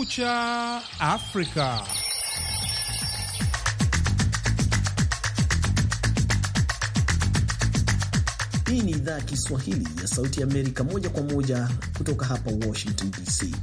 Kumekucha Afrika. Hii ni idhaa ya Kiswahili ya Sauti ya Amerika, moja kwa moja kutoka hapa Washington DC.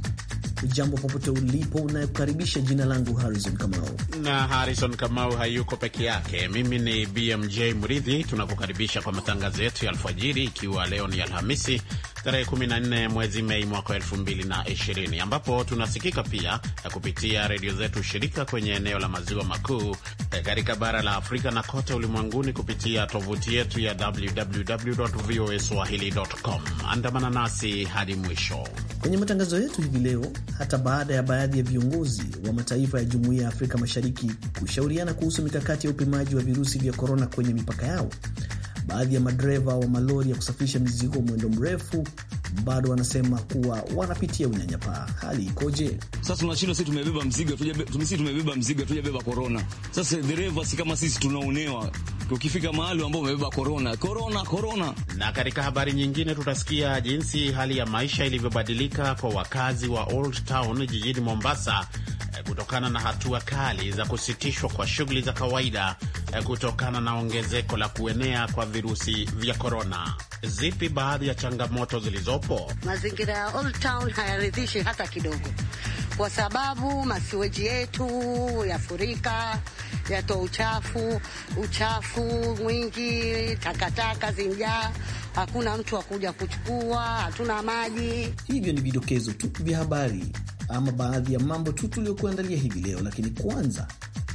Ujambo popote ulipo, unayekukaribisha. Jina langu Harrison Kamau na Harrison Kamau hayuko peke yake. Mimi ni BMJ Mridhi. Tunakukaribisha kwa matangazo yetu ya alfajiri, ikiwa leo ni Alhamisi tarehe 14 mwezi Mei mwaka 2020 ambapo tunasikika pia kupitia redio zetu shirika kwenye eneo la maziwa makuu eh, katika bara la Afrika na kote ulimwenguni kupitia tovuti yetu ya www voa swahili.com. Andamana nasi hadi mwisho kwenye matangazo yetu hivi leo. Hata baada ya baadhi ya viongozi wa mataifa ya jumuiya ya Afrika Mashariki kushauriana kuhusu mikakati ya upimaji wa virusi vya korona kwenye mipaka yao Baadhi ya madereva wa malori ya kusafirisha mizigo mwendo mrefu bado wanasema kuwa wanapitia unyanyapaa. Hali ikoje sasa? Tunashindwa sisi, tumebeba mzigo, tumebeba mzigo, tujabeba korona. Sasa dereva si kama sisi tunaonewa ukifika mahali ambao umebeba korona korona korona. Na katika habari nyingine, tutasikia jinsi hali ya maisha ilivyobadilika kwa wakazi wa Old Town jijini Mombasa eh, kutokana na hatua kali za kusitishwa kwa shughuli za kawaida eh, kutokana na ongezeko la kuenea kwa virusi vya korona. Zipi baadhi ya changamoto zilizopo? Mazingira ya Old Town hayaridhishi hata kidogo kwa sababu masiweji yetu yafurika, yatoa uchafu, uchafu mwingi, takataka zimjaa, hakuna mtu wa kuja kuchukua, hatuna maji. Hivyo ni vidokezo tu vya habari ama baadhi ya mambo tu tuliyokuandalia hivi leo, lakini kwanza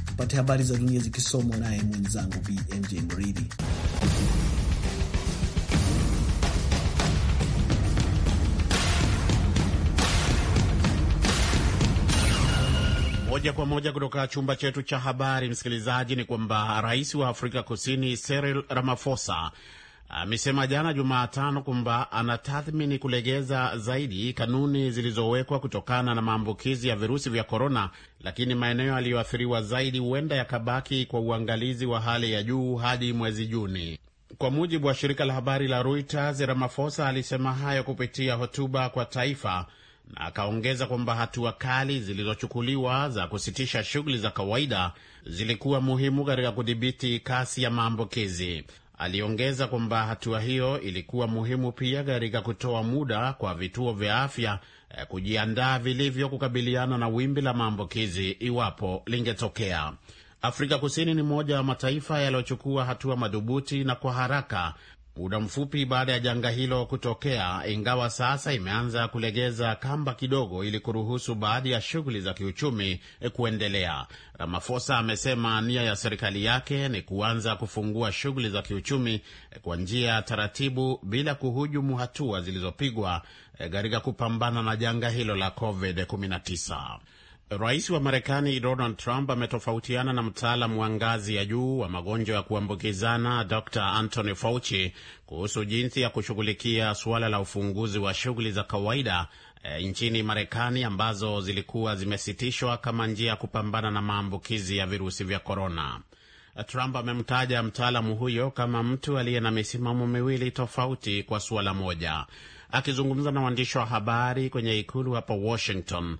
tupate habari za dunia zikisomwa naye mwenzangu BMJ Mridhi. Moja kwa moja kutoka chumba chetu cha habari, msikilizaji, ni kwamba rais wa Afrika Kusini Cyril Ramaphosa amesema jana Jumatano kwamba anatathmini kulegeza zaidi kanuni zilizowekwa kutokana na maambukizi ya virusi vya korona, lakini maeneo yaliyoathiriwa zaidi huenda yakabaki kwa uangalizi wa hali ya juu hadi mwezi Juni. Kwa mujibu wa shirika la habari la Reuters, Ramaphosa alisema hayo kupitia hotuba kwa taifa na akaongeza kwamba hatua kali zilizochukuliwa za kusitisha shughuli za kawaida zilikuwa muhimu katika kudhibiti kasi ya maambukizi. Aliongeza kwamba hatua hiyo ilikuwa muhimu pia katika kutoa muda kwa vituo vya afya eh, kujiandaa vilivyo kukabiliana na wimbi la maambukizi iwapo lingetokea. Afrika Kusini ni moja ya mataifa yaliyochukua hatua madhubuti na kwa haraka muda mfupi baada ya janga hilo kutokea, ingawa sasa imeanza kulegeza kamba kidogo ili kuruhusu baadhi ya shughuli za kiuchumi eh, kuendelea. ramafosa amesema nia ya serikali yake ni kuanza kufungua shughuli za kiuchumi eh, kwa njia ya taratibu bila kuhujumu hatua zilizopigwa eh, katika kupambana na janga hilo la COVID-19. Rais wa Marekani Donald Trump ametofautiana na mtaalamu wa ngazi ya juu wa magonjwa ya kuambukizana Dr Anthony Fauci kuhusu jinsi ya kushughulikia suala la ufunguzi wa shughuli za kawaida e, nchini Marekani ambazo zilikuwa zimesitishwa kama njia ya kupambana na maambukizi ya virusi vya korona. Trump amemtaja mtaalamu huyo kama mtu aliye na misimamo miwili tofauti kwa suala moja. Akizungumza na waandishi wa habari kwenye ikulu hapa Washington,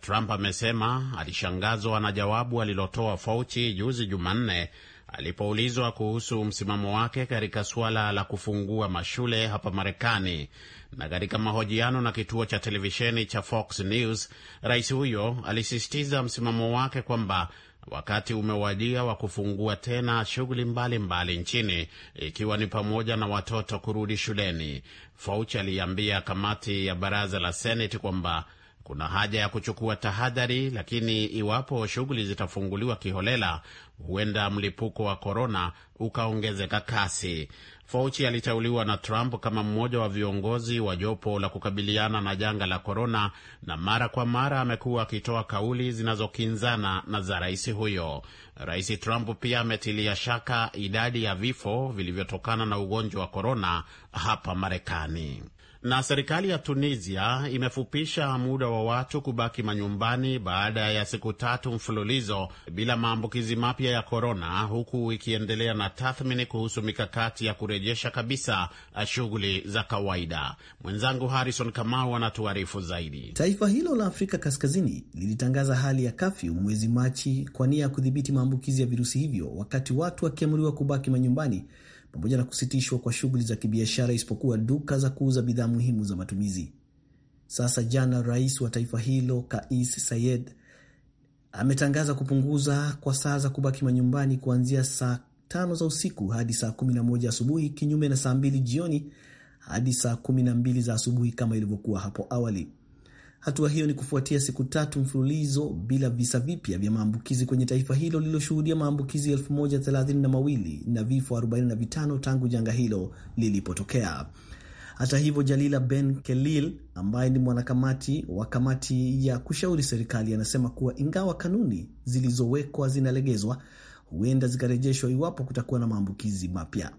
Trump amesema alishangazwa na jawabu alilotoa Fauci juzi Jumanne alipoulizwa kuhusu msimamo wake katika suala la kufungua mashule hapa Marekani. Na katika mahojiano na kituo cha televisheni cha Fox News, rais huyo alisisitiza msimamo wake kwamba wakati umewadia wa kufungua tena shughuli mbalimbali nchini ikiwa ni pamoja na watoto kurudi shuleni. Fauci aliambia kamati ya baraza la Seneti kwamba kuna haja ya kuchukua tahadhari, lakini iwapo shughuli zitafunguliwa kiholela, huenda mlipuko wa korona ukaongezeka kasi. Fauci aliteuliwa na Trump kama mmoja wa viongozi wa jopo la kukabiliana na janga la korona, na mara kwa mara amekuwa akitoa kauli zinazokinzana na za rais huyo. Rais Trump pia ametilia shaka idadi ya vifo vilivyotokana na ugonjwa wa korona hapa Marekani. Na serikali ya Tunisia imefupisha muda wa watu kubaki manyumbani baada ya siku tatu mfululizo bila maambukizi mapya ya korona, huku ikiendelea na tathmini kuhusu mikakati ya kurejesha kabisa shughuli za kawaida. Mwenzangu Harrison Kamau anatuarifu zaidi. Taifa hilo la Afrika Kaskazini lilitangaza hali ya kafyu mwezi Machi kwa nia ya kudhibiti maambukizi ya virusi hivyo, wakati watu wakiamriwa kubaki manyumbani pamoja na kusitishwa kwa shughuli za kibiashara isipokuwa duka za kuuza bidhaa muhimu za matumizi. Sasa jana, rais wa taifa hilo Kais sayed ametangaza kupunguza kwa saa za kubaki manyumbani kuanzia saa tano za usiku hadi saa kumi na moja asubuhi, kinyume na saa mbili jioni hadi saa kumi na mbili za asubuhi kama ilivyokuwa hapo awali. Hatua hiyo ni kufuatia siku tatu mfululizo bila visa vipya vya maambukizi kwenye taifa hilo lililoshuhudia maambukizi 1032 na vifo 45 tangu janga hilo lilipotokea. Hata hivyo, Jalila Ben Kelil ambaye ni mwanakamati wa kamati ya kushauri serikali anasema kuwa ingawa kanuni zilizowekwa zinalegezwa, huenda zikarejeshwa iwapo kutakuwa na maambukizi mapya.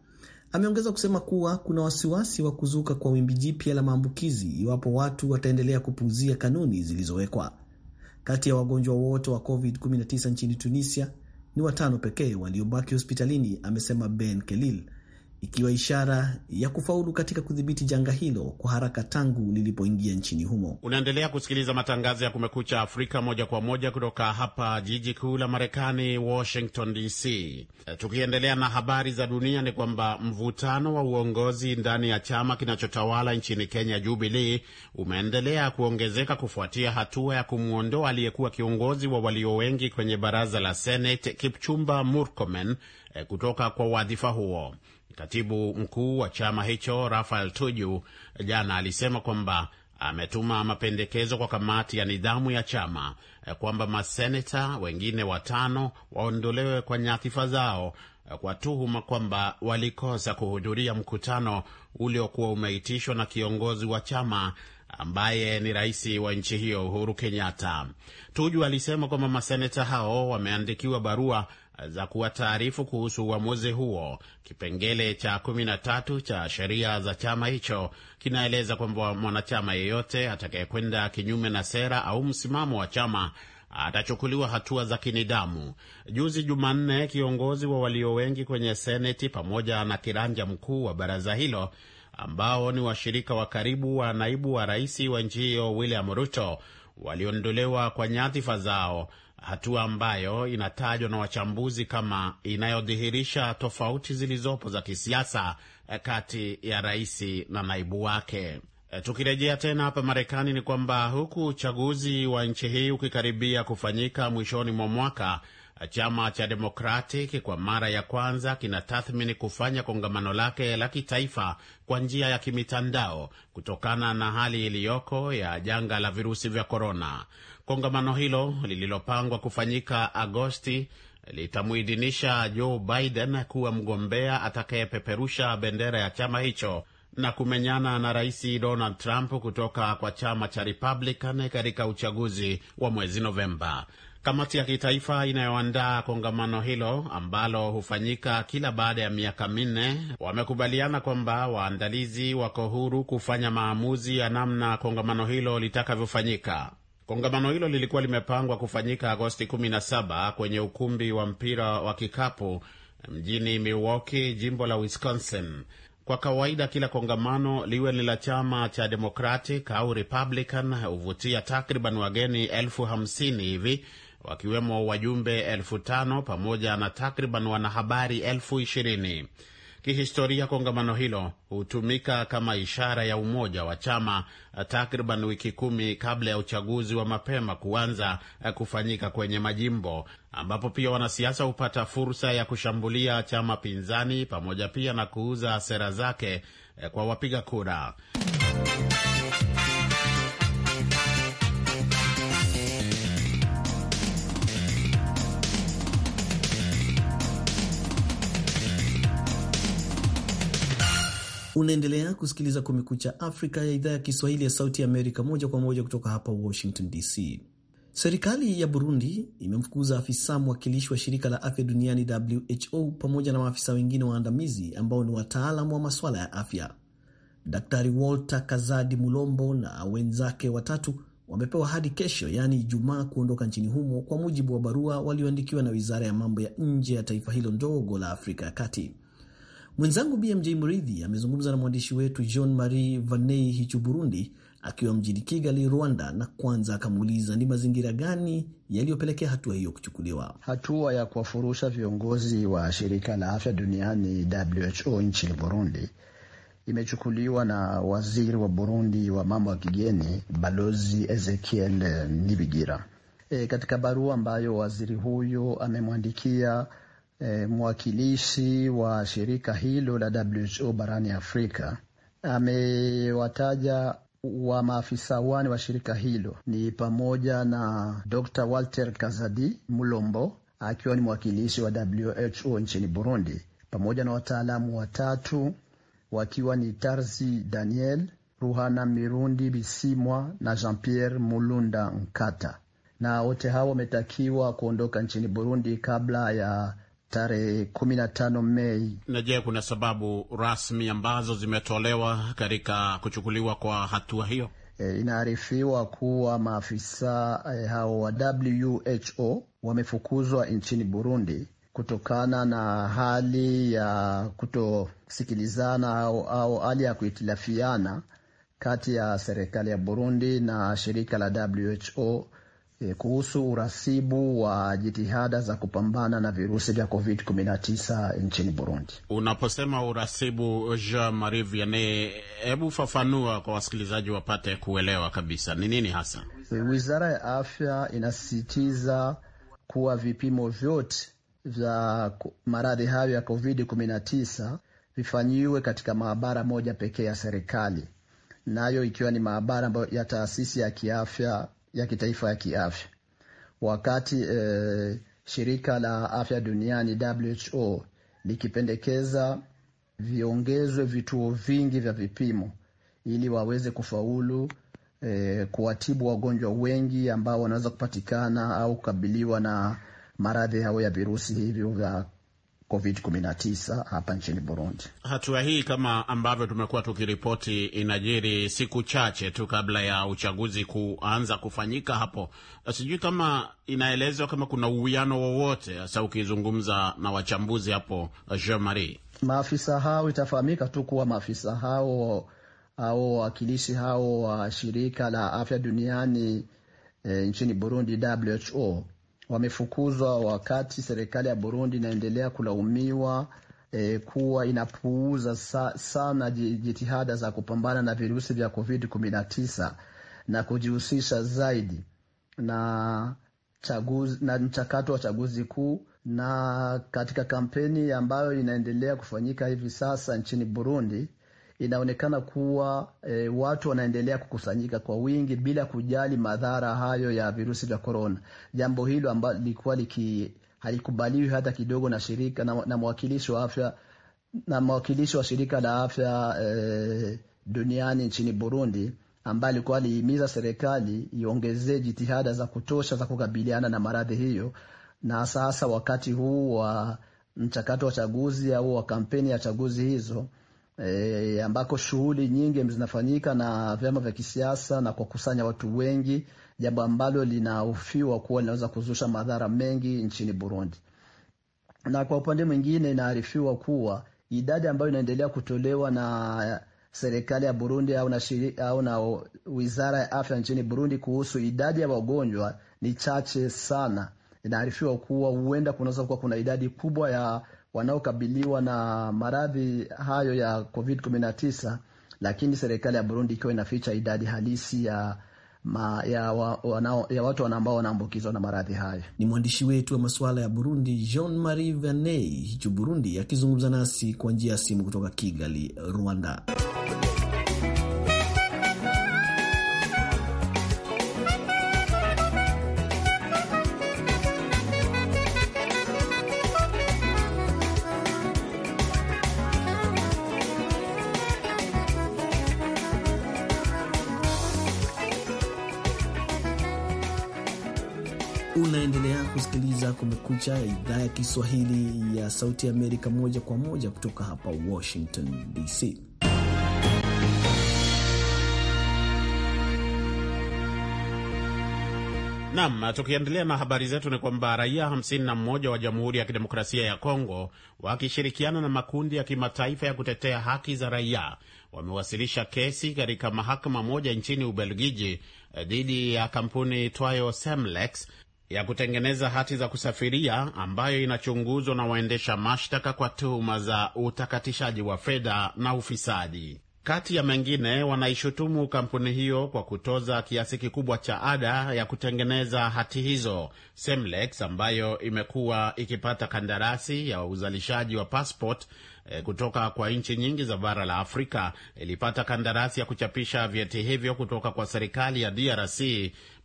Ameongeza kusema kuwa kuna wasiwasi wa kuzuka kwa wimbi jipya la maambukizi iwapo watu wataendelea kupuuzia kanuni zilizowekwa. Kati ya wagonjwa wote wa COVID-19 nchini Tunisia ni watano pekee waliobaki hospitalini, amesema Ben Kelil, ikiwa ishara ya kufaulu katika kudhibiti janga hilo kwa haraka tangu lilipoingia nchini humo. Unaendelea kusikiliza matangazo ya Kumekucha Afrika moja kwa moja kutoka hapa jiji kuu la Marekani, Washington DC. Eh, tukiendelea na habari za dunia, ni kwamba mvutano wa uongozi ndani ya chama kinachotawala nchini Kenya, Jubilee, umeendelea kuongezeka kufuatia hatua ya kumwondoa aliyekuwa kiongozi wa walio wengi kwenye baraza la Senate, Kipchumba Murkomen, eh, kutoka kwa wadhifa huo. Katibu mkuu wa chama hicho Rafael Tuju jana alisema kwamba ametuma mapendekezo kwa kamati ya nidhamu ya chama eh, kwamba maseneta wengine watano waondolewe kwa nyadhifa zao eh, kwa tuhuma kwamba walikosa kuhudhuria mkutano uliokuwa umeitishwa na kiongozi wa chama ambaye ni rais wa nchi hiyo Uhuru Kenyatta. Tuju alisema kwamba maseneta hao wameandikiwa barua za kuwataarifu kuhusu uamuzi huo. Kipengele cha kumi na tatu cha sheria za chama hicho kinaeleza kwamba mwanachama yeyote atakayekwenda kinyume na sera au msimamo wa chama atachukuliwa hatua za kinidamu. Juzi Jumanne, kiongozi wa walio wengi kwenye seneti pamoja na kiranja mkuu wa baraza hilo ambao ni washirika wa karibu wa naibu wa rais wa nchi hiyo William Ruto waliondolewa kwa nyadhifa zao hatua ambayo inatajwa na wachambuzi kama inayodhihirisha tofauti zilizopo za kisiasa eh, kati ya rais na naibu wake. Eh, tukirejea tena hapa Marekani, ni kwamba huku uchaguzi wa nchi hii ukikaribia kufanyika mwishoni mwa mwaka, eh, chama cha Democratic kwa mara ya kwanza kinatathmini kufanya kongamano lake la kitaifa kwa njia ya kimitandao kutokana na hali iliyoko ya janga la virusi vya korona. Kongamano hilo lililopangwa kufanyika Agosti litamuidhinisha Joe Biden kuwa mgombea atakayepeperusha bendera ya chama hicho na kumenyana na Rais Donald Trump kutoka kwa chama cha Republican katika uchaguzi wa mwezi Novemba. Kamati ya kitaifa inayoandaa kongamano hilo ambalo hufanyika kila baada ya miaka minne wamekubaliana kwamba waandalizi wako huru kufanya maamuzi ya namna kongamano hilo litakavyofanyika. Kongamano hilo lilikuwa limepangwa kufanyika Agosti 17 kwenye ukumbi wa mpira wa kikapu mjini Milwaukee, jimbo la Wisconsin. Kwa kawaida kila kongamano liwe ni la chama cha Democratic au Republican huvutia takriban wageni elfu hamsini hivi wakiwemo wajumbe elfu tano pamoja na takriban wanahabari elfu ishirini. Kihistoria, kongamano hilo hutumika kama ishara ya umoja wa chama eh, takriban wiki kumi kabla ya uchaguzi wa mapema kuanza eh, kufanyika kwenye majimbo, ambapo pia wanasiasa hupata fursa ya kushambulia chama pinzani pamoja pia na kuuza sera zake eh, kwa wapiga kura. Unaendelea kusikiliza Kumekucha Afrika ya idhaa ya Kiswahili ya Sauti Amerika, moja kwa moja kutoka hapa Washington DC. Serikali ya Burundi imemfukuza afisa mwakilishi wa shirika la afya duniani WHO pamoja na maafisa wengine waandamizi ambao ni wataalamu wa maswala ya afya. Daktari Walter Kazadi Mulombo na wenzake watatu wamepewa hadi kesho, yaani Ijumaa, kuondoka nchini humo, kwa mujibu wa barua walioandikiwa na wizara ya mambo ya nje ya taifa hilo ndogo la Afrika ya Kati. Mwenzangu BMJ Mridhi amezungumza na mwandishi wetu John Marie Vanei Hichu Burundi akiwa mjini Kigali, Rwanda, na kwanza akamuuliza ni mazingira gani yaliyopelekea hatua hiyo kuchukuliwa. Hatua ya kuwafurusha viongozi wa shirika la afya duniani WHO nchini Burundi imechukuliwa na waziri wa Burundi wa mambo ya kigeni Balozi Ezekiel Nibigira. E, katika barua ambayo waziri huyo amemwandikia e, mwakilishi wa shirika hilo la WHO barani Afrika amewataja wa maafisa wane wa shirika hilo ni pamoja na Dr. Walter Kazadi Mulombo akiwa ni mwakilishi wa WHO nchini Burundi, pamoja na wataalamu watatu wakiwa ni Tarzi Daniel Ruhana Mirundi Bisimwa na Jean-Pierre Mulunda Nkata, na wote hao wametakiwa kuondoka nchini Burundi kabla ya tarehe kumi na tano Mei. Na je, kuna sababu rasmi ambazo zimetolewa katika kuchukuliwa kwa hatua hiyo? E, inaarifiwa kuwa maafisa e, hao wa WHO wamefukuzwa nchini Burundi kutokana na hali ya kutosikilizana au, au hali ya kuhitilafiana kati ya serikali ya Burundi na shirika la WHO e, kuhusu urasibu wa jitihada za kupambana na virusi vya COVID-19 nchini Burundi. Unaposema urasibu, Jean Marie Vianney, hebu fafanua kwa wasikilizaji wapate kuelewa kabisa ni nini hasa. Eh, wizara ya Afya inasisitiza kuwa vipimo vyote vya maradhi hayo ya COVID-19 vifanyiwe katika maabara moja pekee ya serikali, nayo ikiwa ni maabara ya taasisi ya kiafya ya kitaifa ya kiafya, wakati eh, shirika la afya duniani WHO likipendekeza viongezwe vituo vingi vya vipimo ili waweze kufaulu eh, kuwatibu wagonjwa wengi ambao wanaweza kupatikana au kukabiliwa na maradhi hayo ya virusi hivyo vya COVID-19 hapa nchini Burundi. Hatua hii kama ambavyo tumekuwa tukiripoti inajiri siku chache tu kabla ya uchaguzi kuanza kufanyika hapo. Sijui kama inaelezwa kama kuna uwiano wowote hasa ukizungumza na wachambuzi hapo, Jean Marie. Maafisa hao itafahamika tu kuwa maafisa hao au wawakilishi hao wa shirika la afya duniani e, nchini Burundi WHO wamefukuzwa wakati serikali ya Burundi inaendelea kulaumiwa E, kuwa inapuuza sa, sana jitihada za kupambana na virusi vya COVID-19 na kujihusisha zaidi na, chaguzi, na mchakato wa chaguzi kuu na katika kampeni ambayo inaendelea kufanyika hivi sasa nchini Burundi inaonekana kuwa e, watu wanaendelea kukusanyika kwa wingi bila kujali madhara hayo ya virusi vya korona, jambo hilo ambalo lilikuwa liki halikubaliwi hata kidogo na shirika na, na mwakilishi wa afya na mwakilishi wa shirika la afya e, duniani nchini Burundi ambaye alikuwa alihimiza serikali iongezee jitihada za kutosha za kukabiliana na maradhi hiyo. Na sasa wakati huu wa mchakato wa chaguzi au wa kampeni ya chaguzi hizo e, ambako shughuli nyingi zinafanyika na vyama vya kisiasa na kuwakusanya watu wengi, jambo ambalo linahofiwa kuwa linaweza kuzusha madhara mengi nchini Burundi. Na kwa upande mwingine, inaarifiwa kuwa idadi ambayo inaendelea kutolewa na serikali ya Burundi au na, shiri, au na wizara ya afya nchini Burundi kuhusu idadi ya wagonjwa ni chache sana. Inaarifiwa kuwa huenda kunaweza kuwa kuna idadi kubwa ya wanaokabiliwa na maradhi hayo ya COVID-19, lakini serikali ya Burundi ikiwa inaficha idadi halisi ya ma, ya, wa, wanao, ya watu ambao wanaambukizwa na maradhi hayo. Ni mwandishi wetu wa masuala ya Burundi Jean Marie Vianney hicho Burundi akizungumza nasi kwa njia ya simu kutoka Kigali, Rwanda. Kumekucha, idhaa ya Kiswahili ya Sauti Amerika, moja kwa moja kutoka hapa Washington DC. Nam, tukiendelea na habari zetu ni kwamba raia 51 wa Jamhuri ya Kidemokrasia ya Kongo wakishirikiana na makundi ya kimataifa ya kutetea haki za raia wamewasilisha kesi katika mahakama moja nchini Ubelgiji eh, dhidi ya kampuni itwayo Semlex ya kutengeneza hati za kusafiria ambayo inachunguzwa na waendesha mashtaka kwa tuhuma za utakatishaji wa fedha na ufisadi. Kati ya mengine, wanaishutumu kampuni hiyo kwa kutoza kiasi kikubwa cha ada ya kutengeneza hati hizo. Semlex ambayo imekuwa ikipata kandarasi ya uzalishaji wa passport e, kutoka kwa nchi nyingi za bara la Afrika ilipata kandarasi ya kuchapisha vyeti hivyo kutoka kwa serikali ya DRC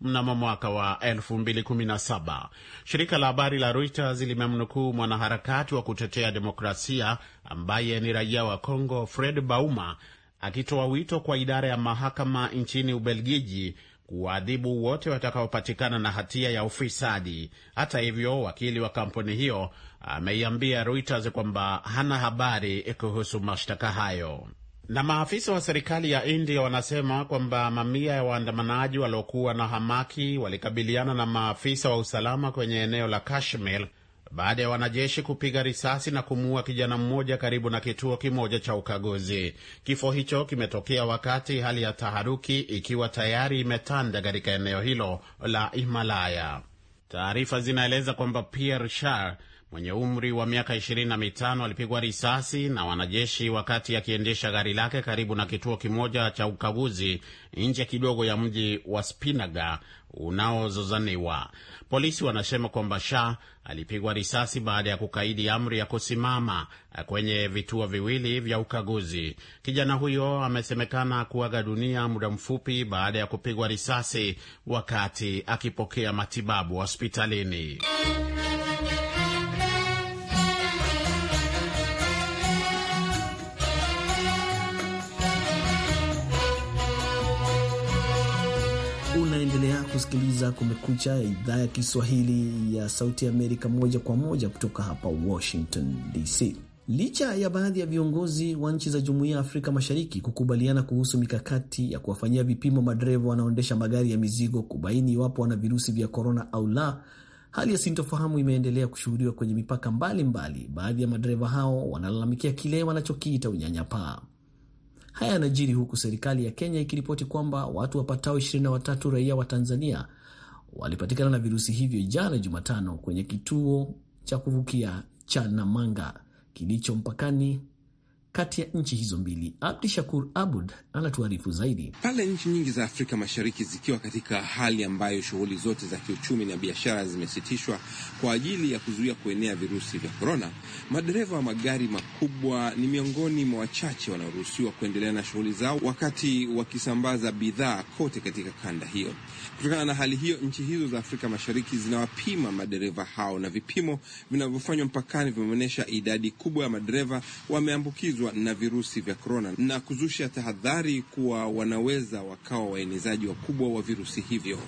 mnamo mwaka wa 2017. Shirika la habari la Reuters limemnukuu mwanaharakati wa kutetea demokrasia ambaye ni raia wa congo Fred Bauma akitoa wito kwa idara ya mahakama nchini Ubelgiji kuwaadhibu wote watakaopatikana na hatia ya ufisadi. Hata hivyo, wakili wa kampuni hiyo ameiambia Reuters kwamba hana habari kuhusu mashtaka hayo. Na maafisa wa serikali ya India wanasema kwamba mamia ya waandamanaji waliokuwa na hamaki walikabiliana na maafisa wa usalama kwenye eneo la Kashmir baada ya wanajeshi kupiga risasi na kumuua kijana mmoja karibu na kituo kimoja cha ukaguzi. Kifo hicho kimetokea wakati hali ya taharuki ikiwa tayari imetanda katika eneo hilo la Himalaya. Taarifa zinaeleza kwamba Pierre Shah mwenye umri wa miaka 25 alipigwa risasi na wanajeshi wakati akiendesha gari lake karibu na kituo kimoja cha ukaguzi nje kidogo ya mji wa Spinaga unaozozaniwa. Polisi wanasema kwamba Shah alipigwa risasi baada ya kukaidi amri ya kusimama kwenye vituo viwili vya ukaguzi. Kijana huyo amesemekana kuaga dunia muda mfupi baada ya kupigwa risasi wakati akipokea matibabu hospitalini. kusikiliza Kumekucha idhaa ya Kiswahili ya Sauti Amerika moja kwa moja kutoka hapa Washington DC. Licha ya baadhi ya viongozi wa nchi za Jumuiya ya Afrika Mashariki kukubaliana kuhusu mikakati ya kuwafanyia vipimo madereva wanaoendesha magari ya mizigo kubaini iwapo wana virusi vya korona au la, hali ya sintofahamu imeendelea kushuhudiwa kwenye mipaka mbalimbali mbali. Baadhi ya madereva hao wanalalamikia kile wanachokiita unyanyapaa. Haya yanajiri huku serikali ya Kenya ikiripoti kwamba watu wapatao 23 raia wa Tanzania walipatikana na virusi hivyo jana Jumatano kwenye kituo cha kuvukia cha Namanga kilicho mpakani kati ya nchi hizo mbili. Abdi Shakur Abud anatuarifu zaidi. Pale nchi nyingi za Afrika Mashariki zikiwa katika hali ambayo shughuli zote za kiuchumi na biashara zimesitishwa kwa ajili ya kuzuia kuenea virusi vya korona, madereva wa magari makubwa ni miongoni mwa wachache wanaoruhusiwa kuendelea na shughuli zao wakati wakisambaza bidhaa kote katika kanda hiyo. Kutokana na hali hiyo, nchi hizo za Afrika Mashariki zinawapima madereva hao na vipimo vinavyofanywa mpakani vimeonyesha idadi kubwa ya madereva wameambukizwa kuambukizwa na virusi vya korona na kuzusha tahadhari kuwa wanaweza wakawa waenezaji wakubwa wa virusi hivyo.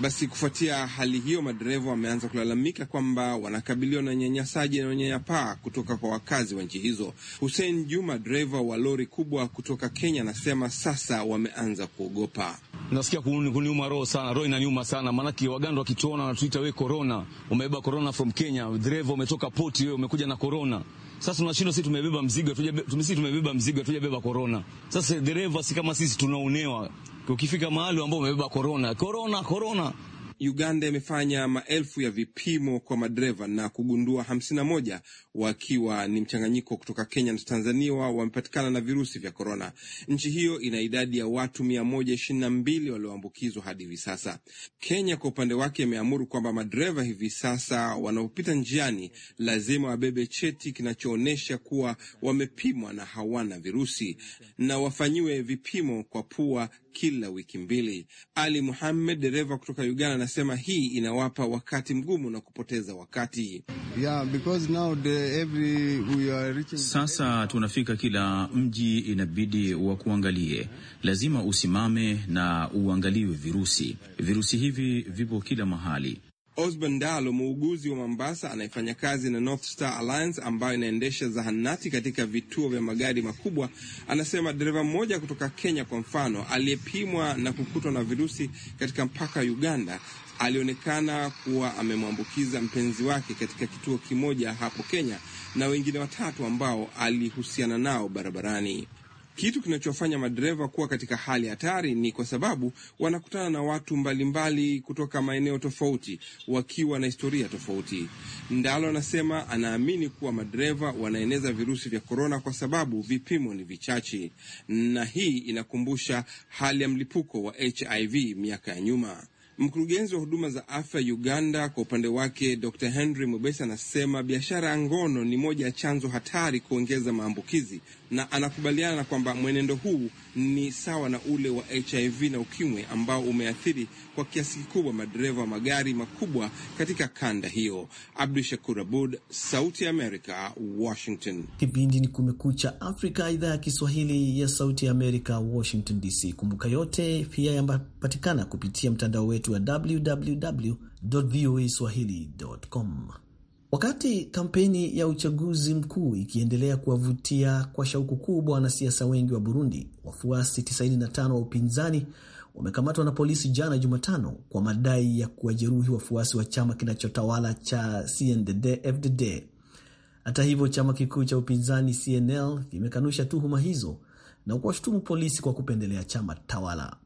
Basi kufuatia hali hiyo, madereva wameanza kulalamika kwamba wanakabiliwa na unyanyasaji na unyanyapaa kutoka kwa wakazi wa nchi hizo. Hussein Juma, dereva wa lori kubwa kutoka Kenya, anasema sasa wameanza kuogopa. Nasikia kuniuma roho sana, roho inaniuma sana maanake Waganda wakituona wanatuita we korona, umebeba korona from Kenya, dereva umetoka poti, wewe umekuja na korona. Sasa tunashindwa sisi, tumebeba mzigo, sisi tumebeba mzigo, tujabeba korona. Sasa dereva, si kama sisi tunaonewa, ukifika mahali ambao umebeba korona, korona, korona Uganda imefanya maelfu ya vipimo kwa madereva na kugundua 51 moja wakiwa ni mchanganyiko kutoka Kenya na Tanzania wamepatikana na virusi vya korona. Nchi hiyo ina idadi ya watu mia moja na mbili walioambukizwa hadi hivi sasa. Kenya kwa upande wake imeamuru kwamba madereva hivi sasa wanaopita njiani lazima wabebe cheti kinachoonyesha kuwa wamepimwa na hawana virusi na wafanyiwe vipimo kwa pua kila wiki mbili. Ali Muhamed, dereva kutoka Uganda anasema hii inawapa wakati mgumu na kupoteza wakati. Yeah, because now the every we are reaching... Sasa tunafika kila mji inabidi wakuangalie, lazima usimame na uangaliwe virusi. Virusi hivi vipo kila mahali Osborn Dalo, muuguzi wa Mombasa anayefanya kazi na North Star Alliance ambayo inaendesha zahanati katika vituo vya magari makubwa, anasema dereva mmoja kutoka Kenya kwa mfano, aliyepimwa na kukutwa na virusi katika mpaka Uganda, alionekana kuwa amemwambukiza mpenzi wake katika kituo kimoja hapo Kenya na wengine watatu ambao alihusiana nao barabarani. Kitu kinachofanya madereva kuwa katika hali hatari ni kwa sababu wanakutana na watu mbalimbali mbali kutoka maeneo tofauti wakiwa na historia tofauti. Ndalo anasema anaamini kuwa madereva wanaeneza virusi vya korona kwa sababu vipimo ni vichache, na hii inakumbusha hali ya mlipuko wa HIV miaka ya nyuma. Mkurugenzi wa huduma za afya Uganda kwa upande wake, Dr Henry mobes anasema biashara ya ngono ni moja ya chanzo hatari kuongeza maambukizi, na anakubaliana kwamba mwenendo huu ni sawa na ule wa HIV na ukimwe ambao umeathiri kwa kiasi kikubwa madereva wa magari makubwa katika kanda hiyo. Abdu Shakur Abud, Sauti ya Amerika, Washington. Kipindi ni Kumekucha Afrika, idhaa ya Kiswahili ya Sauti ya Amerika, Washington DC. Kumbuka yote pia yanapatikana kupitia mtandao wetu wetu wa www.voaswahili.com. Wakati kampeni ya uchaguzi mkuu ikiendelea kuwavutia kwa shauku kubwa wanasiasa wengi wa Burundi, wafuasi 95 wa upinzani wamekamatwa na polisi jana Jumatano kwa madai ya kuwajeruhi wafuasi wa chama kinachotawala cha CNDD-FDD. Hata hivyo, chama kikuu cha upinzani CNL kimekanusha tuhuma hizo na kuwashutumu polisi kwa kupendelea chama tawala.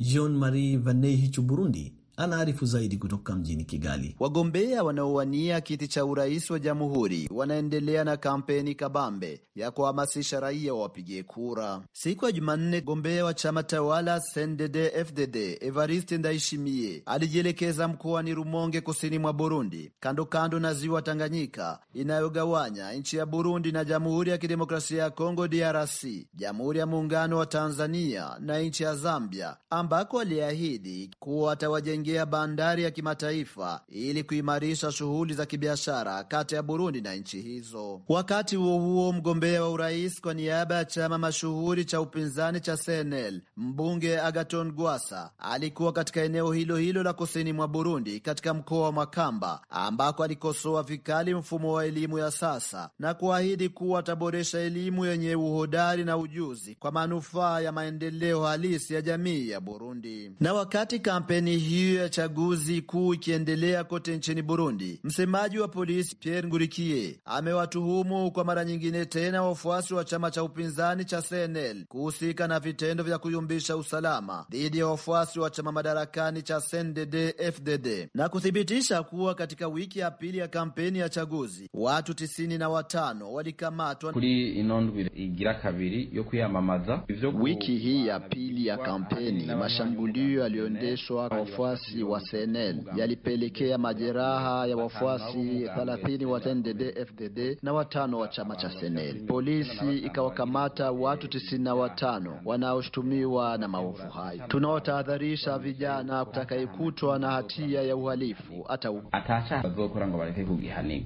Jean Marie Vianney Hichu Burundi anaarifu zaidi kutoka mjini Kigali. Wagombea wanaowania kiti cha urais wa jamhuri wanaendelea na kampeni kabambe ya kuhamasisha raia wawapigie kura. Siku ya Jumanne, mgombea wa chama tawala CNDD FDD Evariste Ndayishimiye alijielekeza mkoani Rumonge, kusini mwa Burundi, kando kando na ziwa Tanganyika inayogawanya nchi ya Burundi na Jamhuri ya Kidemokrasia ya Kongo DRC, Jamhuri ya Muungano wa Tanzania na nchi ya Zambia, ambako aliahidi kuwa atawajenga kujengea bandari ya kimataifa ili kuimarisha shughuli za kibiashara kati ya Burundi na nchi hizo. Wakati huo huo, mgombea wa urais kwa niaba ya chama mashuhuri cha upinzani cha CNL, mbunge Agaton Gwasa alikuwa katika eneo hilo hilo la kusini mwa Burundi katika mkoa wa Makamba ambako alikosoa vikali mfumo wa elimu ya sasa na kuahidi kuwa ataboresha elimu yenye uhodari na ujuzi kwa manufaa ya maendeleo halisi ya jamii ya Burundi. Na wakati kampeni hiyo ya chaguzi kuu ikiendelea kote nchini Burundi, msemaji wa polisi Pierre Ngurikie amewatuhumu kwa mara nyingine tena wafuasi wa chama cha upinzani cha CNL kuhusika na vitendo vya kuyumbisha usalama dhidi ya wafuasi wa chama madarakani cha CNDD FDD na kuthibitisha kuwa katika wiki ya pili ya kampeni ya chaguzi watu tisini na watano walikamatwa kuri inondwi igira kabiri yo kuyamamaza. Wiki hii ya pili ya kampeni, mashambulio yaliyoendeshwa kwa wafuasi wafuasi wa CNL yalipelekea majeraha ya wafuasi 30 wa NDD-FDD na watano wa chama cha CNL. Polisi ikawakamata watu 95 wanaoshutumiwa na maovu hayo. Tunawatahadharisha vijana kutakayekutwa na hatia ya uhalifu hata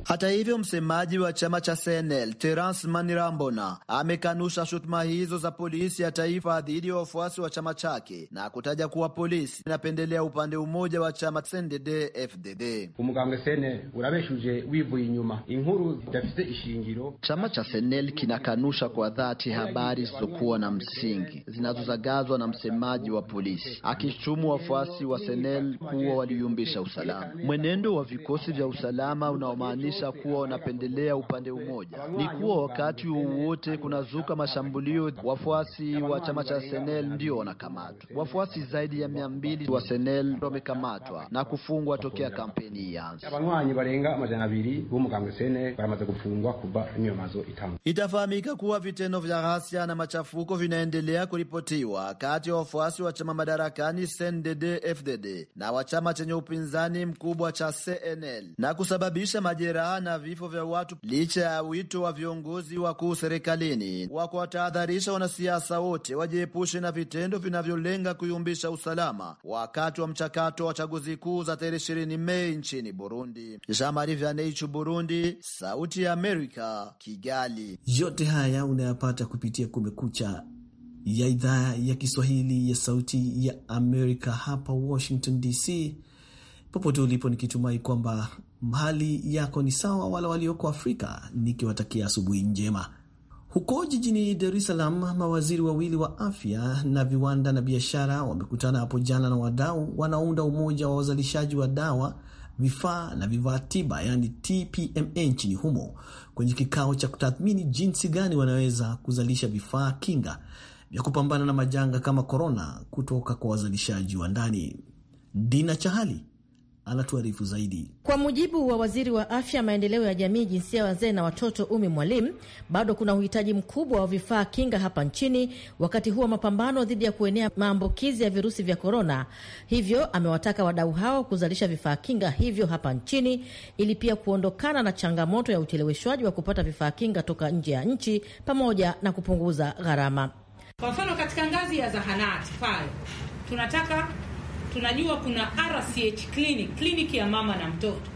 hata hivyo, msemaji wa chama cha CNL Terence Manirambona amekanusha shutuma hizo za polisi ya taifa dhidi ya wafuasi wa chama chake na kutaja kuwa polisi inapendelea upande mmoja wa chama CNDD FDD. Umugambwe Sene urabeshuje wivuye inyuma inkuru zidafite ishingiro. Chama cha Senel kinakanusha kwa dhati habari zizokuwa na msingi zinazozagazwa na msemaji wa polisi akishutumu wafuasi wa Senel kuwa waliyumbisha usalama. Mwenendo wa vikosi vya usalama unaomaanisha kuwa wanapendelea upande umoja ni kuwa wakati wowote kunazuka mashambulio, wafuasi wa chama cha Senel ndio wanakamatwa. Wafuasi zaidi ya mia mbili wa Senel wamekamatwa na kufungwa tokea kampeni ianze. Itafahamika kuwa vitendo vya ghasia na machafuko vinaendelea kuripotiwa kati ya wafuasi wa chama madarakani CNDD-FDD na wa chama chenye upinzani mkubwa cha CNL na kusababisha majeraha na vifo vya watu, licha ya wito wa viongozi wakuu serikalini wa kuwatahadharisha wanasiasa wote wajiepushe na vitendo vinavyolenga kuyumbisha usalama wakati wa mchakato mchakato wa chaguzi kuu za tarehe ishirini Mei nchini Burundi. Jean-Marie Burundi, Sauti ya Amerika, Kigali. Yote haya unayapata kupitia Kumekucha ya idhaa ya Kiswahili ya Sauti ya Amerika hapa Washington DC, popote ulipo, nikitumai kwamba mhali yako ni sawa, wala walioko Afrika nikiwatakia asubuhi njema. Huko jijini Dar es Salaam, mawaziri wawili wa afya na viwanda na biashara wamekutana hapo jana na wadau wanaounda umoja wa wazalishaji wa dawa vifaa na vifaa tiba yaani TPMA nchini humo kwenye kikao cha kutathmini jinsi gani wanaweza kuzalisha vifaa kinga vya kupambana na majanga kama korona kutoka kwa wazalishaji wa ndani. Dina Chahali anatuarifu zaidi. Kwa mujibu wa waziri wa afya, maendeleo ya jamii, jinsia wazee na watoto, Umi Mwalimu, bado kuna uhitaji mkubwa wa vifaa kinga hapa nchini wakati huo mapambano dhidi ya kuenea maambukizi ya virusi vya korona. Hivyo amewataka wadau hao kuzalisha vifaa kinga hivyo hapa nchini ili pia kuondokana na changamoto ya ucheleweshwaji wa kupata vifaa kinga toka nje ya nchi pamoja na kupunguza gharama. Kwa mfano katika ngazi ya zahanati pale tunataka tunajua kuna RCH clinic, clinic ya mama na mtoto.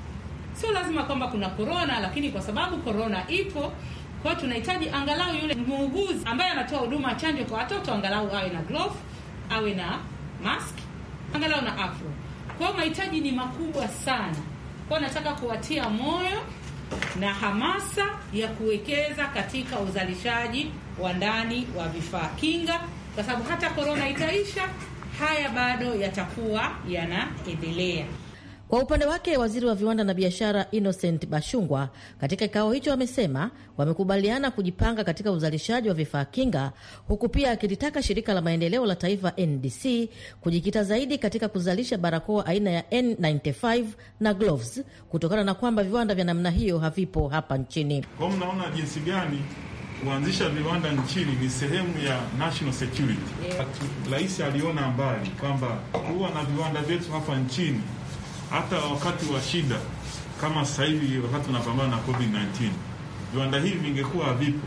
Sio lazima kwamba kuna corona, lakini kwa sababu corona ipo, kwa tunahitaji angalau yule muuguzi ambaye anatoa huduma chanjo kwa watoto angalau awe na glove, awe na mask, angalau na afro. Kwa mahitaji ni makubwa sana. Kwa nataka kuwatia moyo na hamasa ya kuwekeza katika uzalishaji wa ndani wa vifaa kinga, kwa sababu hata corona itaisha haya bado yatakuwa yanaendelea. Kwa upande wake waziri wa viwanda na biashara Innocent Bashungwa katika kikao hicho amesema wamekubaliana kujipanga katika uzalishaji wa vifaa kinga, huku pia akilitaka shirika la maendeleo la taifa NDC kujikita zaidi katika kuzalisha barakoa aina ya N95 na gloves, kutokana na kwamba viwanda vya namna hiyo havipo hapa nchini. Kwa mnaona jinsi gani kuanzisha viwanda nchini ni sehemu ya national security. Rais aliona mbali kwamba kuwa na viwanda vyetu hapa nchini, hata wakati wa shida kama sasa hivi, wakati tunapambana na COVID-19, viwanda hivi vingekuwa havipo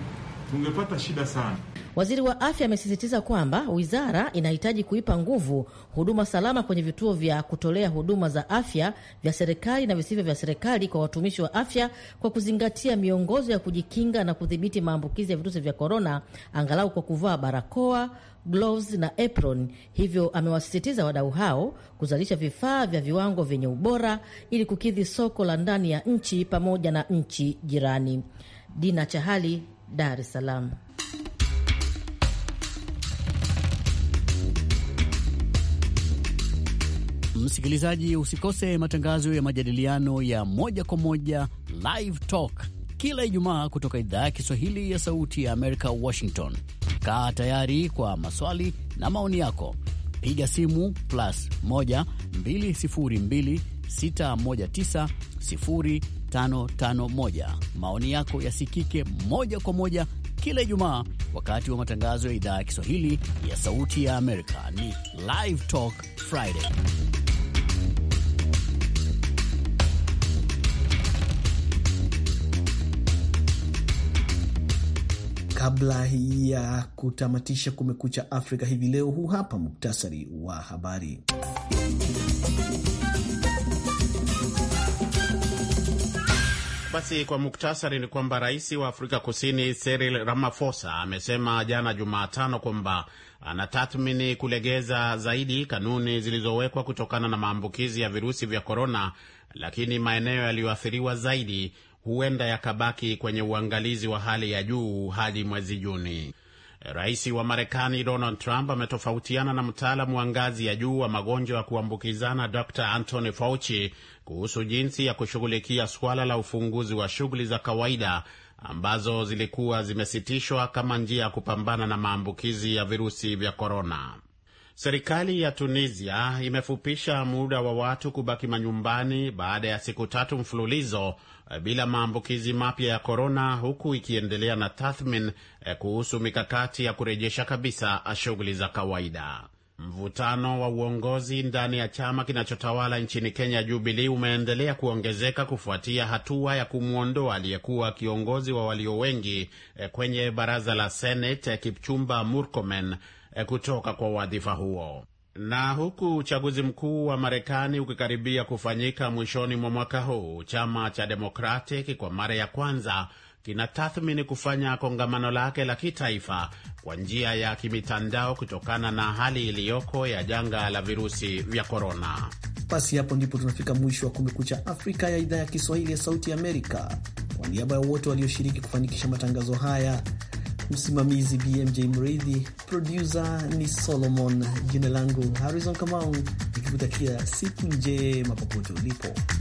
tungepata shida sana. Waziri wa afya amesisitiza kwamba wizara inahitaji kuipa nguvu huduma salama kwenye vituo vya kutolea huduma za afya vya serikali na visivyo vya serikali kwa watumishi wa afya kwa kuzingatia miongozo ya kujikinga na kudhibiti maambukizi ya virusi vya korona, angalau kwa kuvaa barakoa, gloves na apron. Hivyo amewasisitiza wadau hao kuzalisha vifaa vya viwango vyenye ubora ili kukidhi soko la ndani ya nchi pamoja na nchi jirani. Dina Chahali, Dar es Salaam. Msikilizaji, usikose matangazo ya majadiliano ya moja kwa moja Live Talk kila Ijumaa kutoka idhaa ya Kiswahili ya Sauti ya Amerika, Washington. Kaa tayari kwa maswali na maoni yako, piga simu plus 1 202 619 12551. Maoni yako yasikike moja kwa moja kila Ijumaa wakati wa matangazo ya idhaa ya Kiswahili ya Sauti ya Amerika. Ni Live Talk Friday. Kabla ya kutamatisha Kumekucha Afrika hivi leo, huu hapa muktasari wa habari. Basi kwa muktasari ni kwamba rais wa Afrika Kusini Cyril Ramaphosa amesema jana Jumatano kwamba anatathmini kulegeza zaidi kanuni zilizowekwa kutokana na maambukizi ya virusi vya korona, lakini maeneo yaliyoathiriwa zaidi huenda yakabaki kwenye uangalizi wa hali ya juu hadi mwezi Juni. Rais wa Marekani Donald Trump ametofautiana na mtaalamu wa ngazi ya juu wa magonjwa ya kuambukizana Dr Anthony Fauci kuhusu jinsi ya kushughulikia suala la ufunguzi wa shughuli za kawaida ambazo zilikuwa zimesitishwa kama njia ya kupambana na maambukizi ya virusi vya korona. Serikali ya Tunisia imefupisha muda wa watu kubaki manyumbani baada ya siku tatu mfululizo Eh, bila maambukizi mapya ya korona, huku ikiendelea na tathmin eh, kuhusu mikakati ya kurejesha kabisa eh, shughuli za kawaida. Mvutano wa uongozi ndani ya chama kinachotawala nchini Kenya, jubili umeendelea kuongezeka kufuatia hatua ya kumwondoa aliyekuwa kiongozi wa walio wengi kwenye baraza la Senate, Kipchumba Murkomen, kutoka kwa wadhifa huo. Na huku uchaguzi mkuu wa Marekani ukikaribia kufanyika mwishoni mwa mwaka huu, chama cha Democratic kwa mara ya kwanza kinatathmini kufanya kongamano lake la kitaifa kwa njia ya kimitandao kutokana na hali iliyoko ya janga la virusi vya korona. Basi hapo ndipo tunafika mwisho wa Kumekucha Afrika ya idhaa ya Kiswahili ya Sauti Amerika. Kwa niaba ya wote walioshiriki kufanikisha matangazo haya msimamizi BMJ Mridhi, produsa ni Solomon. Jina langu Harrison Kamau, nikikutakia siku njema popote ulipo.